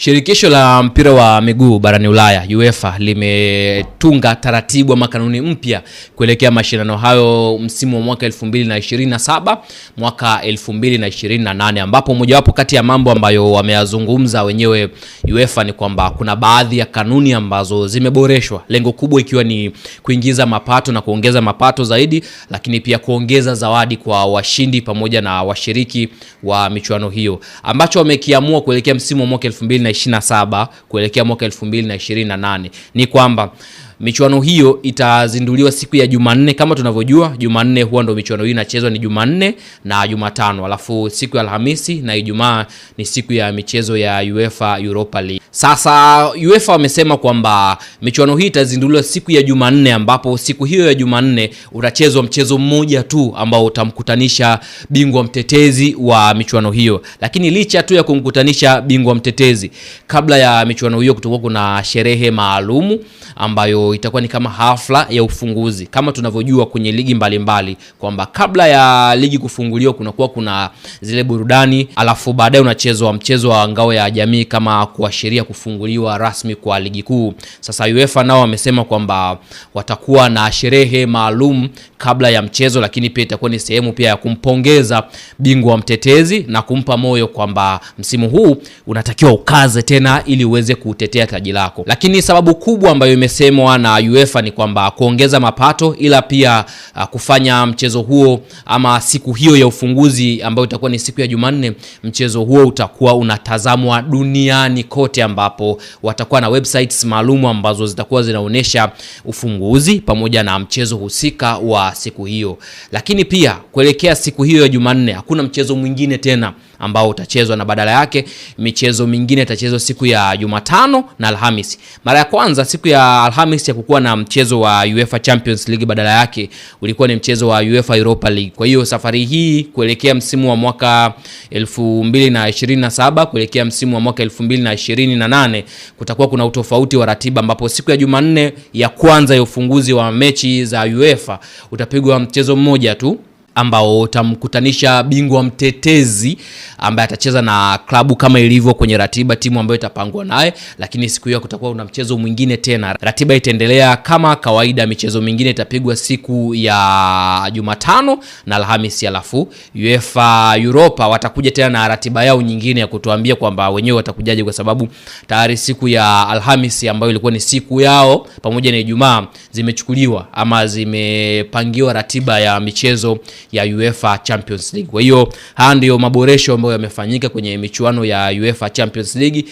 Shirikisho la mpira wa miguu barani Ulaya UEFA limetunga taratibu ama kanuni mpya kuelekea mashindano hayo msimu wa mwaka 2027 mwaka 2028, ambapo mojawapo kati ya mambo ambayo wameyazungumza wenyewe UEFA ni kwamba kuna baadhi ya kanuni ambazo zimeboreshwa, lengo kubwa ikiwa ni kuingiza mapato na kuongeza mapato zaidi, lakini pia kuongeza zawadi kwa washindi pamoja na washiriki wa michuano hiyo, ambacho wamekiamua kuelekea msimu wa mwaka 2027 kuelekea mwaka 2028 ni kwamba Michuano hiyo itazinduliwa siku ya Jumanne kama tunavyojua, Jumanne huwa ndo michuano hiyo inachezwa, ni Jumanne na Jumatano, alafu siku ya Alhamisi na Ijumaa ni siku ya michezo ya UEFA Europa League. Sasa UEFA wamesema kwamba michuano hii itazinduliwa siku ya Jumanne, ambapo siku hiyo ya Jumanne utachezwa mchezo mmoja tu ambao utamkutanisha bingwa mtetezi wa michuano hiyo. Lakini licha tu ya kumkutanisha bingwa mtetezi, kabla ya michuano hiyo kutakuwa kuna sherehe maalumu ambayo itakuwa ni kama hafla ya ufunguzi, kama tunavyojua kwenye ligi mbalimbali kwamba kabla ya ligi kufunguliwa kunakuwa kuna zile burudani, alafu baadaye unachezwa mchezo wa ngao ya jamii kama kuashiria kufunguliwa rasmi kwa ligi kuu. Sasa UEFA nao wamesema kwamba watakuwa na sherehe maalum kabla ya mchezo, lakini pia itakuwa ni sehemu pia ya kumpongeza bingwa mtetezi na kumpa moyo kwamba msimu huu unatakiwa ukaze tena ili uweze kutetea taji lako. Lakini sababu kubwa ambayo imesemwa na UEFA ni kwamba kuongeza mapato, ila pia uh, kufanya mchezo huo ama siku hiyo ya ufunguzi ambayo itakuwa ni siku ya Jumanne, mchezo huo utakuwa unatazamwa duniani kote, ambapo watakuwa na websites maalum ambazo zitakuwa zinaonyesha ufunguzi pamoja na mchezo husika wa siku hiyo. Lakini pia kuelekea siku hiyo ya Jumanne hakuna mchezo mwingine tena ambao utachezwa na badala yake michezo mingine itachezwa siku ya Jumatano na Alhamisi. Mara ya kwanza siku ya Alhamisi kukuwa na mchezo wa UEFA Champions League, badala yake ulikuwa ni mchezo wa UEFA Europa League. Kwa hiyo safari hii kuelekea msimu wa mwaka 2027 kuelekea msimu wa mwaka 2028 kutakuwa kuna utofauti wa ratiba, ambapo siku ya Jumanne ya kwanza ya ufunguzi wa mechi za UEFA utapigwa mchezo mmoja tu ambao utamkutanisha bingwa mtetezi ambaye atacheza na klabu kama ilivyo kwenye ratiba, timu ambayo itapangwa naye. Lakini siku hiyo kutakuwa kuna mchezo mwingine tena, ratiba itaendelea kama kawaida. Michezo mingine itapigwa siku ya Jumatano na Alhamisi, alafu UEFA Europa watakuja tena na ratiba yao nyingine ya kutuambia kwamba wenyewe watakujaje, kwa sababu tayari siku ya Alhamisi ambayo ilikuwa ni siku yao pamoja na Ijumaa zimechukuliwa ama zimepangiwa ratiba ya michezo ya UEFA Champions League. Kwa hiyo haya ndiyo maboresho ambayo yamefanyika kwenye michuano ya UEFA Champions League.